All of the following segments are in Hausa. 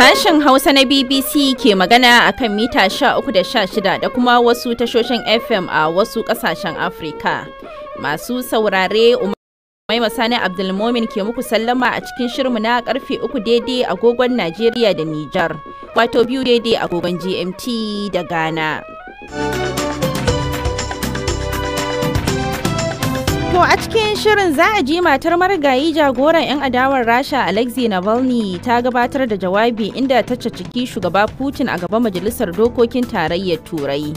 Sashen Hausa na BBC ke magana a kan mita 13 da 16 da kuma wasu tashoshin FM a wasu kasashen Afrika. Masu saurare Mai Masani Abdulmomin ke muku sallama a cikin shirmu na karfe uku daidai agogon Najeriya da Nijar, wato biyu daidai agogon GMT da Ghana. a cikin shirin za a ji matar marigayi jagoran 'yan adawar Rasha Alexei Navalny ta gabatar da jawabi inda ta ciki shugaba Putin a gaba Majalisar Dokokin Tarayyar Turai.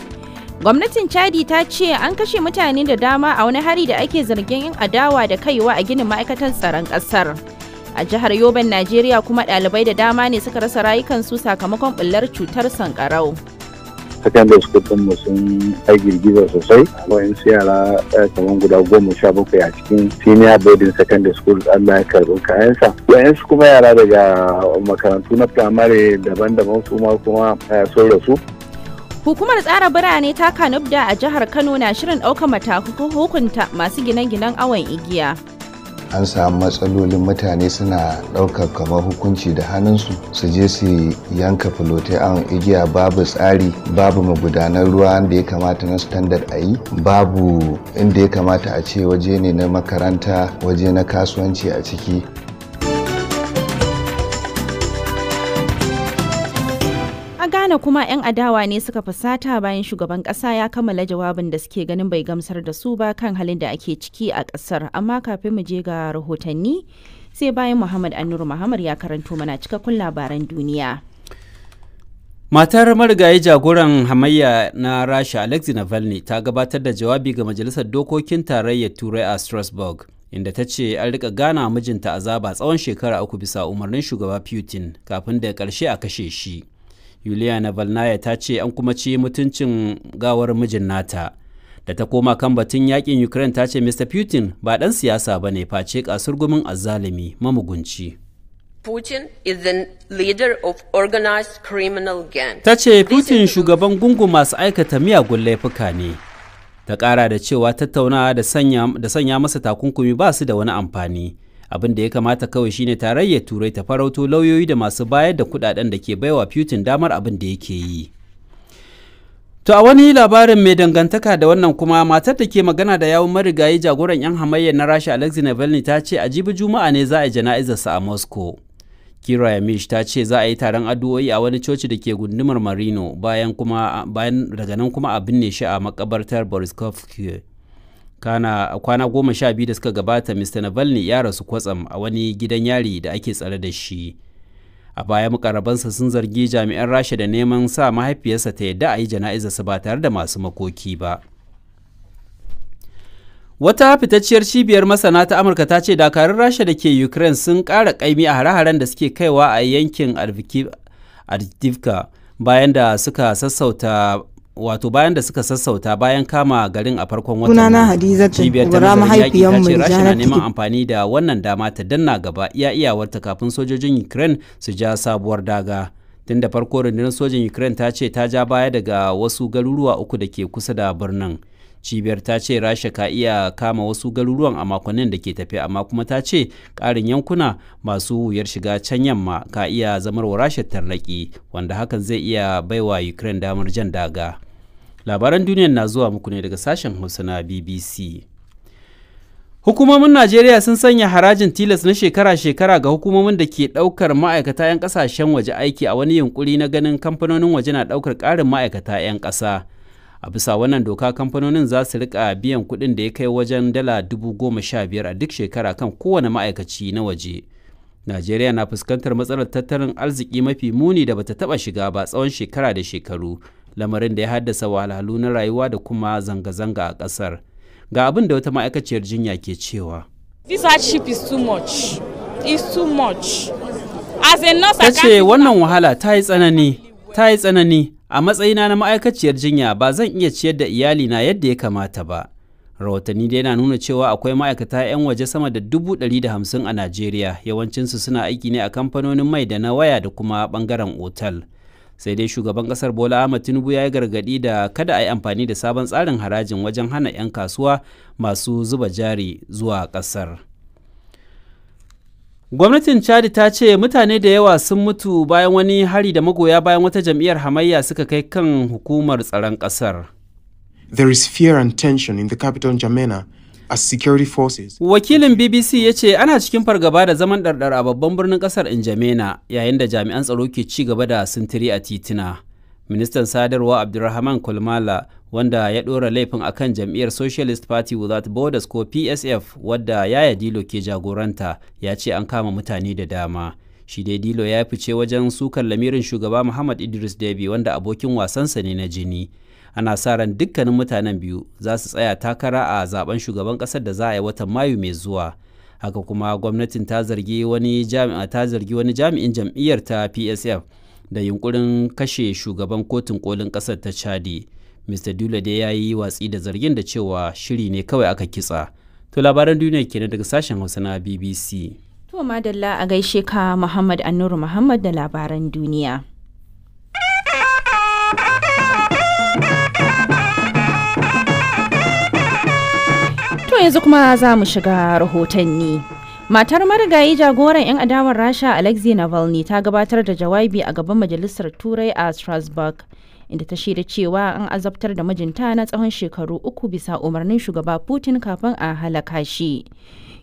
Gwamnatin Chadi ta ce an kashe mutane da dama a wani hari da ake zargin 'yan adawa da kaiwa a ginin ma'aikatan tsaron ƙasar. A jihar Yoban, Najeriya kuma ɗalibai da dama ne suka rasa rayukansu sakamakon bullar cutar sankarau. secondary school suka mu sun ai girgiza sosai wayansu yara eh, kamar guda goma sha bakwai a cikin senior boarding secondary school Allah ya karɓi kayansa su kuma yara daga makarantu na primary daban-daban su ma kuma eh, sun rasu Hukumar tsara birane ta Kanubda a jihar Kano na shirin ɗaukar matakan hukunta masu gine-ginen awon igiya. an samu matsalolin mutane suna ɗaukar kamar hukunci da hannunsu su je su yanka filote an igiya babu tsari babu magudanar ruwa da ya kamata na standard a yi babu inda ya kamata a ce waje ne na makaranta waje na kasuwanci a ciki kana kuma 'yan adawa ne suka fusata bayan shugaban kasa ya kammala jawabin da suke ganin bai gamsar da su ba kan halin da ake ciki a kasar amma kafin mu je ga rahotanni sai bayan muhammad anur muhammad ya karanto mana cikakkun labaran duniya matar marigayi jagoran hamayya na rasha alexi navalny ta gabatar da jawabi ga majalisar dokokin tarayyar turai a strasbourg inda ta ce an rika gana mijinta azaba tsawon shekara uku bisa umarnin shugaba putin kafin da karshe a kashe shi yuliya navalnaya ta ce an kuma ci mutuncin gawar mijin nata da ta koma kan batun yakin ukraine ta ce mr putin ba dan siyasa ba ne face kasurgumin azzalumi mamugunci Putin is the leader of organized criminal gang. Ta ce Putin shugaban gungun masu aikata miyagun laifuka ne. Ta kara da cewa tattaunawa da sanya masa takunkumi ba su da wani amfani. abin da ya kamata kawai shine tarayyar turai ta farauto lauyoyi da masu bayar da kudaden da ke baiwa putin damar abin da yake yi to a wani labarin mai dangantaka da wannan kuma matar da ke magana da yawun marigayi jagoran yan hamayya na rasha alexei navalny ta ce a jibi juma'a ne za a jana'izarsa a moscow kira yamish ta ce za a yi taron addu'o'i a wani coci da ke gundumar marino bayan daga nan kuma a binne shi a makabartar boriskovsky kana a kwana goma sha biyu da suka gabata mr navalny ya rasu kwatsam a wani gidan yari da ake tsare da shi a baya makarabansa sun zargi jami'an rasha da neman sa mahaifiyarsa ta yadda a yi su ba tare da masu makoki ba wata fitacciyar cibiyar masana ta amurka ta ce dakarun rasha da ke ukraine sun kara kaimi a hare-haren da suke kaiwa a yankin adivka bayan da suka sassauta wato bayan da suka sassauta bayan kama garin a farkon watan sunana hadiza cibiyar ta mahaifiyar mu neman amfani da wannan dama ta danna gaba iya iyawarta kafin sojojin ukraine su ja sabuwar daga tun da farko rundunar sojin ukraine ta ce ta ja baya daga wasu garuruwa uku da ke kusa da birnin cibiyar ta ce rasha ka iya kama wasu garuruwan a makonnin da ke tafe amma kuma ta ce karin yankuna masu wuyar shiga can yamma ka iya zamar wa rasha tarnaki wanda hakan zai iya baiwa ukraine damar jan daga labaran duniyar na zuwa muku ne daga sashen hausa na bbc Hukumomin Najeriya sun sanya harajin tilas na shekara-shekara ga hukumomin da ke daukar ma'aikata 'yan kasashen waje aiki a wani yunkuri na ganin kamfanonin waje na daukar karin ma'aikata 'yan kasa. a bisa wannan doka kamfanonin za su rika biyan kuɗin da ya kai wajen dala dubu goma sha biyar a duk shekara kan kowane ma'aikaci na waje najeriya na fuskantar matsalar tattalin arziki mafi muni da bata taba shiga ba tsawon shekara da shekaru lamarin da ya haddasa wahalhalu na rayuwa da kuma zanga-zanga a ƙasar ga abin da wata ma'aikaciyar jinya ke cewa this hardship is too much is too much ta ce wannan wahala ta yi tsanani ta yi tsanani a matsayina na ma'aikaciyar jinya ba zan iya ciyar da iyalina yadda ya kamata ba rahotanni dai na nuna cewa akwai ma'aikata 'yan waje sama da dubu ɗari da hamsin a najeriya yawancinsu suna aiki ne a kamfanonin mai da na waya da kuma bangaren otal sai dai shugaban kasar bola ahmad tinubu ya yi gargaɗi da kada a yi amfani da sabon tsarin harajin wajen hana 'yan kasuwa masu zuba jari zuwa kasar. Gwamnatin Chad ta ce mutane da yawa sun mutu bayan wani hari da magoya bayan wata jam'iyyar hamayya suka kai kan hukumar tsaron ƙasar. There is fear and tension in the capital jamena as security forces. Wakilin BBC ya ce ana cikin fargaba da zaman ɗarɗar a babban birnin ƙasar jamena yayin da jami'an tsaro ke ci gaba da sintiri a titina. Ministan sadarwa Abdulrahman Kulmala wanda ya ɗora laifin akan jam'iyyar socialist party without borders ko psf wadda yaya dilo ke jagoranta ya ce an kama mutane da dama shi dai dilo ya fice wajen sukan lamirin shugaba muhammad idris debi wanda abokin wasansa ne na jini ana sa ran dukkanin mutanen biyu za su tsaya takara a zaben shugaban ƙasar da za a yi watan mayu mai zuwa haka kuma gwamnatin ta zargi wani jami'in jam'iyyar ta psf da yunkurin kashe shugaban kotun kolin ƙasar ta chadi mr dula dai ya yi watsi da zargin da cewa shiri ne kawai aka kitsa to labaran duniya kenan daga sashen hausa na bbc to madalla a gaishe ka muhammad annuru muhammad da labaran duniya to yanzu kuma za mu shiga rahotanni Matar marigayi jagoran 'yan adawar Rasha Alexei Navalny ta gabatar da jawabi a gaban Majalisar Turai a Strasbourg inda ta shaida cewa an azabtar da mijinta na tsawon shekaru uku bisa umarnin shugaba Putin kafin a halaka shi.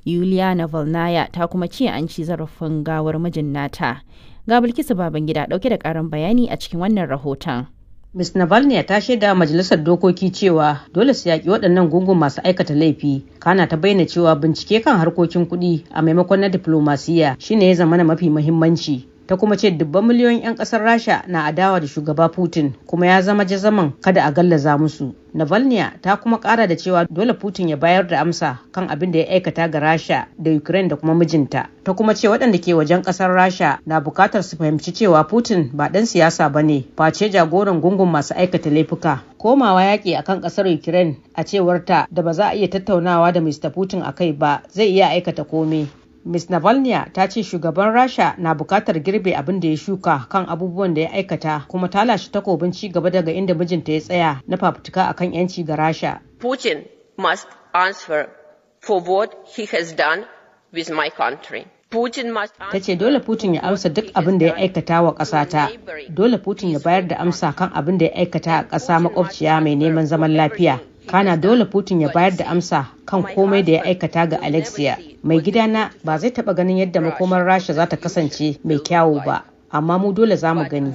Yulia Navalnaya ta kuma ce an ci zarafin gawar mijin nata. Ga Bilkisu Babangida dauke da karin bayani a cikin wannan rahoton. Ms. Navalny ta shaida a majalisar dokoki cewa dole su yaƙi waɗannan gungun masu aikata laifi. Kana ta bayyana cewa bincike kan harkokin kuɗi a maimakon na diplomasiya shine ya zama na mafi muhimmanci. ta kuma ce dubban miliyoyin 'yan kasar rasha na adawa da shugaba putin kuma ya zama jazaman kada a gallaza musu navalnya ta kuma kara da cewa dole putin ya bayar da amsa kan abin da ya aikata ga rasha da ukraine da kuma mijinta ta kuma ce waɗanda ke wajen ƙasar rasha na buƙatar su fahimci cewa putin ba ɗan siyasa ba ne face jagoran gungun masu aikata laifuka komawa yaƙi akan ƙasar ukraine a cewarta da ba za a iya tattaunawa da mr putin a kai ba zai iya aikata komai ms navalny ta ce shugaban rasha na bukatar girbe abin da ya shuka kan abubuwan da ya aikata kuma ta lashe takobin ci gaba daga inda mijinta ya tsaya na fafutuka akan yanci ga rasha putin must answer for what he has done with my country ta ce dole Putin ya amsa duk abin da ya aikata wa ƙasata. Dole Putin ya bayar da amsa kan abin da ya aikata a ƙasa makwabciya mai neman zaman lafiya. kana dole putin ya bayar da amsa kan komai da ya aikata ga alexia mai gidana ba zai taba ganin yadda makomar rasha za ta kasance mai kyawu ba amma mu dole za mu gani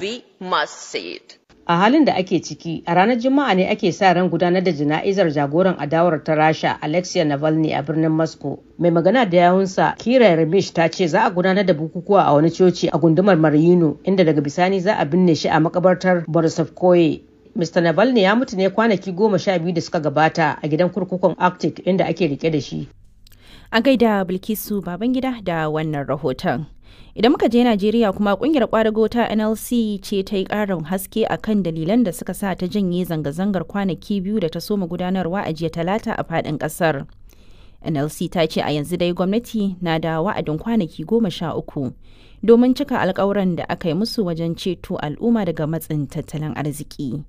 a halin da ake ciki a ranar juma'a ne ake sa ran gudanar da jana'izar jagoran adawar ta rasha alexia navalny a birnin moscow mai magana da yawunsa kira remish ta ce za a gudanar da bukukuwa a wani coci a gundumar marino inda daga bisani za a binne shi a makabartar borisovkoye Mr. Navalny ya mutu ne kwanaki goma sha biyu da suka gabata a gidan kurkukun Arctic inda ake rike da shi. A gaida Bilkisu Babangida da wannan rahoton. Idan muka je Najeriya kuma kungiyar kwadago ta NLC ce ta yi ƙaran haske a kan dalilan da suka sa ta janye zanga-zangar kwanaki biyu da ta soma gudanarwa a jiya talata a fadin kasar NLC ta ce a yanzu dai gwamnati na da wa'adin kwanaki goma sha uku domin cika alkawuran da aka yi musu wajen ceto al'umma daga matsin tattalin arziki.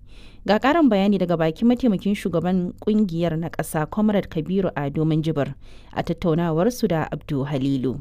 Ga ƙarin bayani daga bakin mataimakin shugaban kungiyar na ƙasa Comrade Kabiru a domin jibir a tattaunawarsu da Abdu Halilu.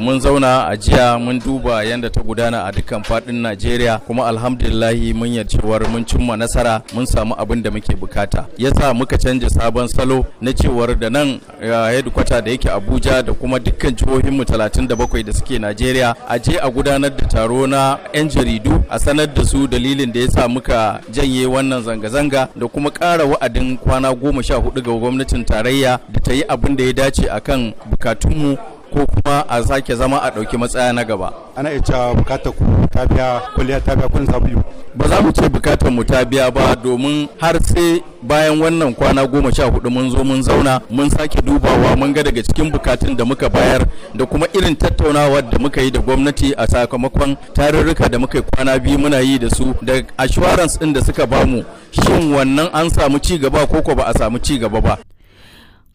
mun zauna a jiya mun duba yadda ta gudana a dukkan fadin najeriya kuma alhamdulillahi mun cewar mun cimma nasara mun samu abin da muke bukata yasa muka canja sabon salo na cewar da nan headquarter da yake abuja da kuma dukkan jihohin mu 37 da suke najeriya a je a gudanar da taro na 'yan jaridu a sanar da su dalilin da ya sa muka janye wannan zanga-zanga da kuma kara wa'adin kwana goma sha hudu ga gwamnatin tarayya da ta yi abin da ya dace akan bukatunmu ko kuma a sake zama a ɗauki matsaya na gaba ana iya cewa bukatar ku ta biya kwalliya ta biya kun sabulu ba za mu ce bukatar mu ta biya ba domin har sai bayan wannan kwana goma sha hudu mun zo mun zauna mun sake dubawa mun ga daga cikin bukatun da muka bayar da kuma irin tattaunawa da muka yi da gwamnati a sakamakon tarurruka da muka yi kwana biyu muna yi da su da assurance ɗin da suka bamu shin wannan an samu ci gaba ko ko ba a samu ci gaba ba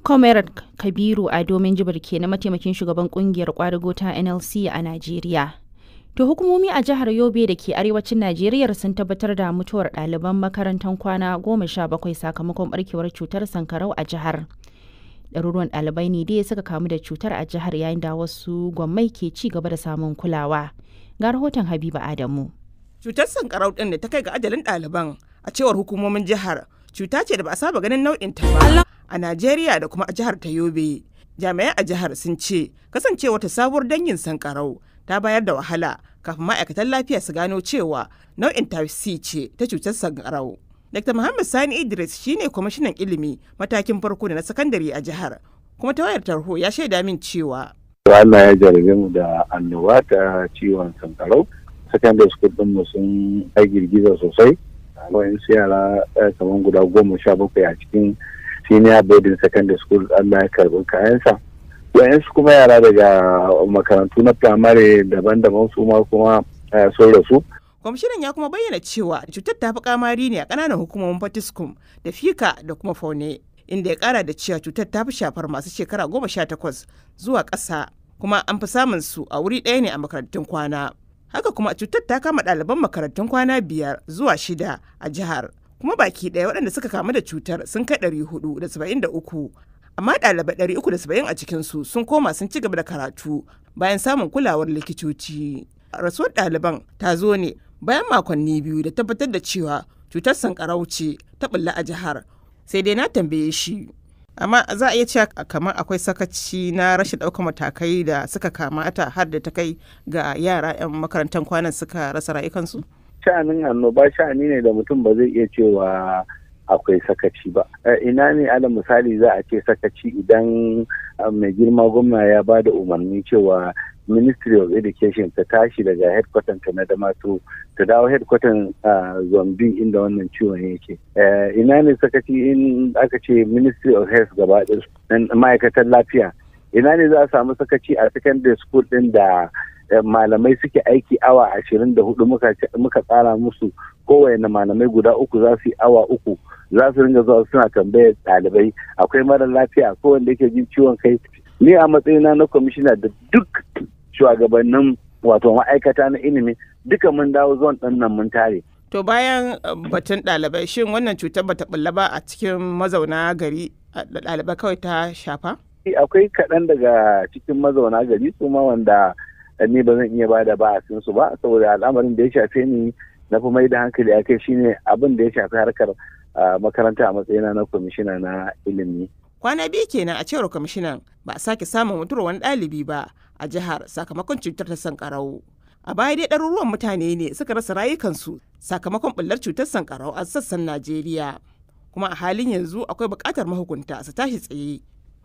comrade kabiru a domin jibar ke na mataimakin shugaban kungiyar kwadago ta nlc a najeriya to hukumomi a jihar yobe da ke arewacin najeriya sun tabbatar da mutuwar ɗaliban makarantar kwana goma sha bakwai sakamakon barkewar cutar sankarau a jihar ɗaruruwan ɗalibai ne dai suka kamu da cutar a jihar yayin da wasu gwammai ke ci gaba da samun kulawa ga rahoton habiba adamu cutar sankarau ɗin da ta kai ga ajalin ɗaliban a cewar hukumomin jihar cuta ce da ba a saba ganin nau'in ta ba a Najeriya da kuma a jihar ta Yobe. Jami'ai a jihar sun ce kasancewa ta sabuwar dangin sankarau ta bayar da wahala kafin ma'aikatan lafiya su gano cewa nau'in ta C ce ta cutar sankarau. Dr. Muhammad Sani Idris shine kwamishinan ilimi matakin farko da na sakandare a jihar kuma ta wayar tarho ya shaida min cewa Allah ya jarabe mu da annoba ciwon sankarau secondary school mu sun girgiza sosai wayansu yara eh, kamar guda goma sha bakwai a cikin senior boarding secondary school allah ya karbi kayansa su kuma yara daga makarantu na primary daban-daban su ma kuma eh, sun rasu kwamishinan ya kuma bayyana cewa cutar ta fi kamari ne a kananan hukumomin fatiskum da fika da kuma faune inda ya kara da cewa cutar ta fi shafar masu shekara goma sha takwas zuwa ƙasa kuma an fi samun su a wuri ɗaya ne a makarantun kwana haka kuma cutar ta kama ɗaliban makarantun kwana biyar zuwa shida a jihar kuma baki ɗaya waɗanda suka kamu da cutar sun kai ɗari hudu da saba'in da uku amma ɗalibai ɗari uku da saba'in a cikinsu sun koma sun ci gaba da karatu bayan samun kulawar likitoci rasuwar ɗaliban ta zo ne bayan makonni biyu da tabbatar da cewa cutar sankarau ce ta bulla a jihar sai dai na tambaye shi amma za a iya cewa kamar akwai sakaci na rashin ɗaukar matakai da suka kamata har da ta kai ga yara 'yan makarantar kwanan suka rasa rayukansu sha'anin annoba sha'ani ne da mutum ba zai iya cewa akwai sakaci ba eh, ina ne ala misali za a ce sakaci idan ah, mai girma gwamna ya ba da umarni cewa ministry of education ta tashi daga headquarters ta na damato ta dawo headquarters a ah, zombi inda wannan ciwon yake eh, ina ne sakaci in aka ce ministry of health gaba ma'aikatan lafiya ina ne za a samu sakaci a secondary school din da Eh, malamai suke aiki awa ashirin da hudu muka tsara musu kowane malamai guda uku za su yi awa uku za su ringa zuwa suna tambayar ɗalibai akwai mara lafiya ko wanda yake jin ciwon kai ni a matsayina na kwamishina da duk shugabannin wato ma'aikata na ilimi duka mun dawo zuwan ɗan nan mun tare to bayan eh, batun ɗalibai shin wannan cutar bata bulla ba a cikin mazauna gari ɗalibai kawai ta shafa akwai kaɗan daga cikin mazauna gari su ma wanda ni ba zan iya ba da ba a su ba saboda al'amarin da ya shafe ni na fi mai da hankali a kai shine abin da ya shafi harkar makaranta a matsayina na kwamishina na ilimi. Kwana biyu kenan a cewar kwamishinan ba a sake samun mutuwar wani ɗalibi ba a jihar sakamakon cutar ta sankarau. A baya dai ɗaruruwan mutane ne suka rasa rayukansu sakamakon ɓullar cutar sankarau a sassan Najeriya. Kuma a halin yanzu akwai buƙatar mahukunta su tashi tsaye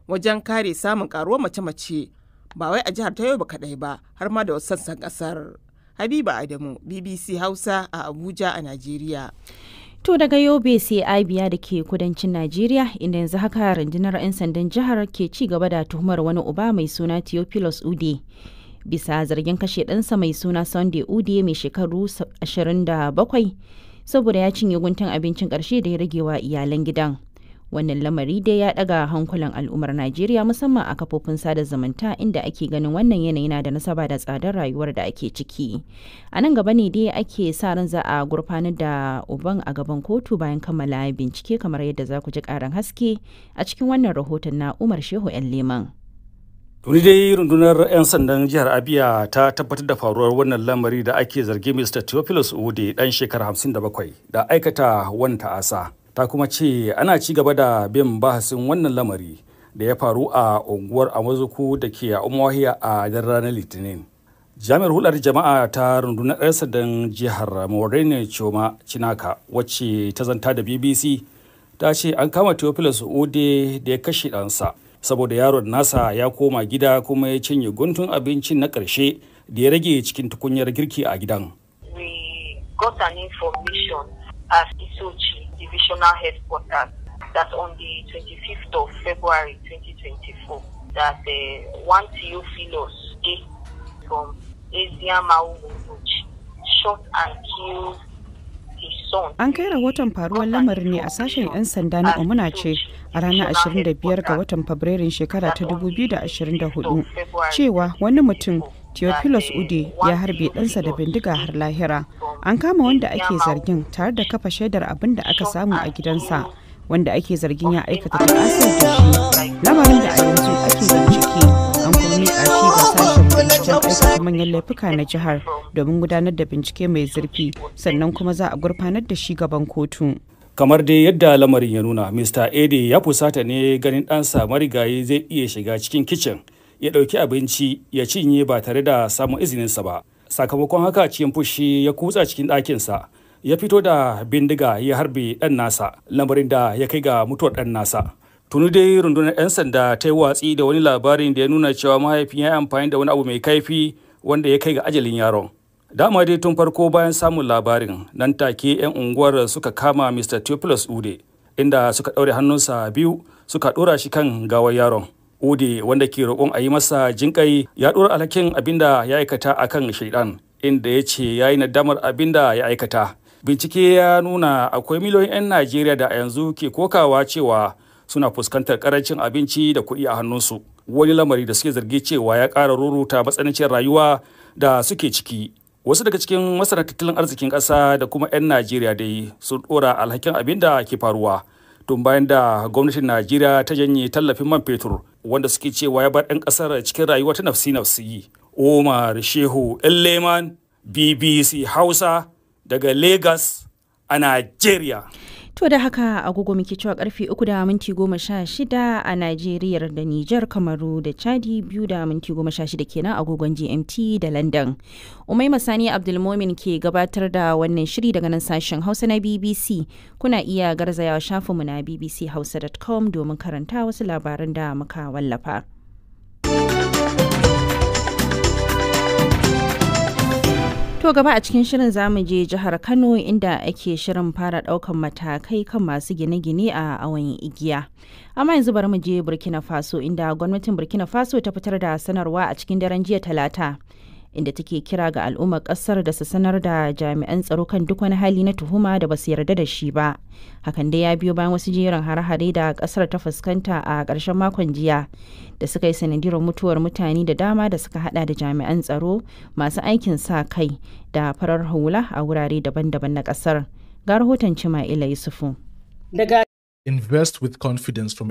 wajen kare samun ƙaruwar mace-mace ba wai a jihar ta yobe kaɗai ba har ma da wasu sassan ƙasar. Habiba Adamu, BBC Hausa a Abuja a Najeriya. To daga Yobe sai Abia da ke kudancin Najeriya inda yanzu haka rundunar 'yan sandan jihar ke ci gaba da tuhumar wani uba mai suna Theophilus Ude. Bisa zargin kashe ɗansa mai suna Sunday Ude mai shekaru 27 saboda ya cinye guntun abincin ƙarshe da ya rage wa iyalan gidan. wannan lamari dai ya daga hankulan al'ummar najeriya musamman a kafofin sada zumunta inda ake ganin wannan yanayi na da nasaba da tsadar rayuwar da ake ciki a nan gaba ne dai ake sa ran za a gurfanar da uban a gaban kotu bayan kammala bincike kamar yadda za ku ji karin haske a cikin wannan rahoton na umar shehu yan leman tuni dai rundunar 'yan sandan jihar abia ta tabbatar da faruwar wannan lamari da ake zargi mr theophilus ude dan shekara 57 da aikata wani ta'asa ta kuma ce ana ci gaba da bin bahasin wannan lamari da ya faru a unguwar amazuku da ke a umawahiya a dan ranar litinin jami'ar hular jama'a ta rundunar 'yan sadan jihar morene choma chinaka wacce ta zanta da bbc ta ce an kama theophilus ode da ya kashe ɗansa saboda yaron nasa ya koma gida kuma ya cinye guntun abincin na ƙarshe da ya rage cikin tukunyar girki a gidan. We got an information as Isochi divisional headquarters. that on the 25th of February 2024. That uh, one Theophilus A from Asia Mawumuch shot and killed An kai rahoton faruwar lamarin ne a sashen 'yan sanda na Omuna ce a ranar 25 ga watan Fabrairun shekara ta 2024 cewa wani mutum Theophilus Ude ya harbe ɗansa da bindiga har lahira. An kama wanda ake zargin tare da kafa shaidar abin da aka samu a gidansa wanda ake zargin ya aikata ta'asar da shi. Lamarin da a yanzu ake bincike an kuma miƙa shi ga sashen binciken aikata manyan laifuka na jihar domin gudanar da bincike mai zurfi sannan kuma za a gurfanar da shi gaban kotu. kamar dai yadda lamarin ya nuna mr ede ya fusata ne ganin ɗansa marigayi zai iya shiga cikin kicin ya ɗauki abinci ya cinye ba tare da samun izininsa ba sakamakon haka cikin fushi ya kutsa cikin ɗakinsa ya fito da bindiga ya harbe ɗan nasa lamarin da ya kai ga mutuwar ɗan nasa tuni dai rundunar 'yan sanda ta yi watsi da wani labarin da ya nuna cewa mahaifin ya yi amfani da wani abu mai kaifi wanda ya kai ga ajalin yaron dama dai tun farko bayan samun labarin nan take 'yan unguwar suka kama mr theophilus ude inda suka ɗaure hannunsa biyu suka ɗora shi kan gawar yaron Ode wanda ke roƙon a yi masa jinƙai ya ɗora alhakin abinda ya aikata a kan shaidan inda ya ce ya yi nadamar abinda ya aikata. Bincike ya nuna akwai miliyoyin 'yan Najeriya da a yanzu ke kokawa cewa suna fuskantar karancin abinci da kuɗi a hannunsu. Wani lamari da suke zargi cewa ya ƙara ruruta matsananciyar rayuwa da suke ciki. Wasu daga cikin masana tattalin arzikin ƙasa da kuma 'yan Najeriya dai sun ɗora alhakin abinda da ke faruwa tun bayan da gwamnatin najeriya ta janye tallafin man fetur wanda suke cewa ya bar 'yan kasar cikin rayuwa ta nafsi-nafsi omar shehu leman bbc hausa daga Legas a najeriya To da haka agogo muke cewa karfe uku da minti goma sha shida a Najeriya da Nijar Kamaru da Chadi biyu da minti goma sha shida kenan agogon GMT da London. Umai Masani Abdulmomin ke gabatar da wannan shiri daga nan sashen Hausa na BBC. Kuna iya garzayawa shafinmu na bbchausa.com domin karanta wasu labaran da muka wallafa. To gaba a cikin shirin zamu je jihar Kano inda ake shirin fara daukan matakai kan masu gine-gine a awon igiya. Amma yanzu bari mu je Burkina Faso inda gwamnatin Burkina Faso ta fitar da sanarwa a cikin daren jiya Talata inda take kira ga al'ummar ƙasar da su sanar da jami'an tsaro kan duk wani hali na tuhuma da ba su yarda da shi ba hakan dai ya biyo bayan wasu jerin hare-hare da ƙasar ta fuskanta a ƙarshen makon jiya da suka yi sanadiyar mutuwar mutane da dama da suka hada da jami'an tsaro masu aikin sa kai da farar hula a wurare daban-daban na ƙasar ga rahoton ila yusufu daga invest with confidence from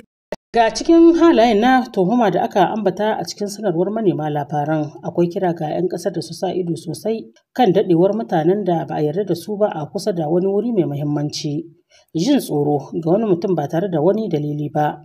Ga cikin halayen na tuhuma da aka ambata a cikin sanarwar manema labaran akwai kira ga 'yan ƙasar da su sa ido sosai kan daɗewar mutanen da ba a yarda da su ba a kusa da wani wuri mai mahimmanci jin tsoro ga wani mutum ba tare da wani dalili ba,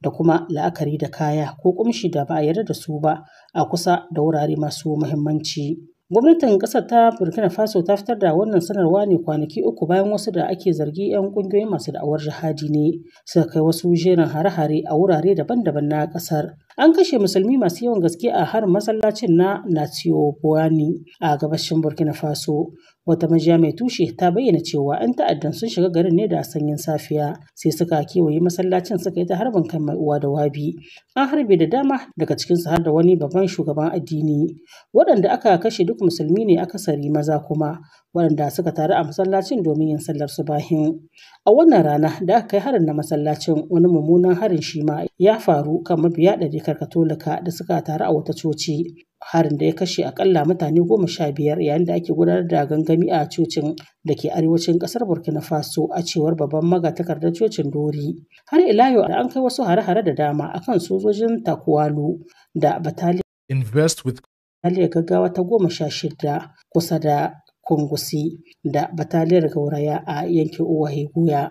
da kuma la'akari da kaya ko ƙumshi da ba a yarda da su ba a kusa da wurare masu muhimmanci. Gwamnatin ƙasar ta Burkina Faso ta fitar da wannan sanarwa ne kwanaki uku bayan wasu da ake zargi 'yan ƙungiyoyin masu da'awar jihadi ne suka kai wasu jerin hare-hare a wurare daban-daban na ƙasar. An kashe musulmi masu yawan gaske a harin masallacin na Natio a gabashin Burkina Faso Wata majiya mai tushe ta bayyana cewa 'yan ta'addan sun shiga garin ne da sanyin safiya sai suka kewaye masallacin suka yi ta harbin kan mai uwa da wabi. An harbe da dama daga cikin su har da wani babban shugaban addini. Waɗanda aka kashe duk musulmi ne akasari maza kuma waɗanda suka taru a masallacin domin yin sallar su subahin. A wannan rana da aka kai harin na masallacin wani mummunan harin shi ma ya faru kan mabiya ɗarikar Katolika da suka taru a wata coci. Harin da ya kashe akalla mutane goma sha biyar yayin da ake gudanar da gangami a cocin da ke arewacin kasar Burkina Faso a cewar babban magatakardar cocin Dori. Har ila yau an kai wasu hare-hare da dama akan sojojin Takwalu da Bataliyar Invest with gaggawa ta goma sha shida kusa da kungusi da Bataliyar Gauraya a yankin Uwahegura.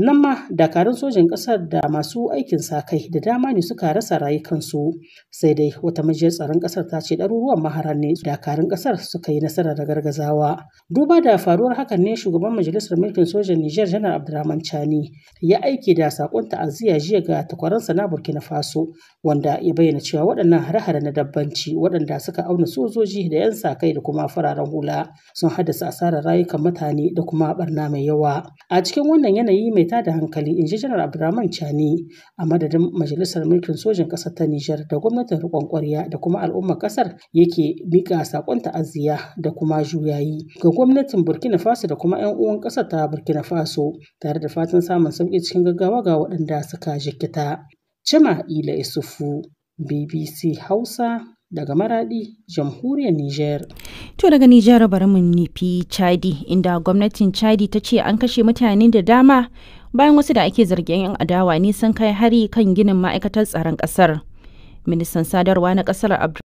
Nan ma dakarun sojin ƙasar da masu aikin sa-kai da dama ne suka rasa rayukansu. Sai dai wata majiyar tsaron ƙasar ta ce ɗaruruwan maharan ne dakarun ƙasar suka yi nasara da gargazawa. Duba da faruwar hakan ne shugaban majalisar mulkin sojan Nijar Janar Abdurrahman Chani ya aiki da saƙon ta'aziyya jiya ga takwaransa na Burkina Faso wanda ya bayyana cewa waɗannan hare-hare na dabbanci waɗanda suka auna sojoji da 'yan sa-kai da kuma fararen hula sun haddasa asarar rayukan mutane da kuma barna mai yawa. A cikin wannan yanayi mai da hankali in ji janar abdulrahman chani a madadin majalisar mulkin sojin ƙasar ta nijar da gwamnatin riƙon ƙwarya da kuma al'ummar ƙasar yake miƙa sakon ta'aziyya da kuma juyayi ga gwamnatin burkina faso da kuma 'yan uwan ƙasar ta burkina faso tare da fatan samun sauƙi cikin gaggawa ga waɗanda suka jikita cima ila isufu bbc hausa daga maradi jamhuriyar niger. To daga Nijar bari mu nufi Chadi inda gwamnatin Chadi ta ce an kashe mutane da dama bayan wasu da ake zargin 'yan adawa ne sun kai hari kan ginin ma'aikatar tsaron ƙasar ministan sadarwa na ƙasar abdul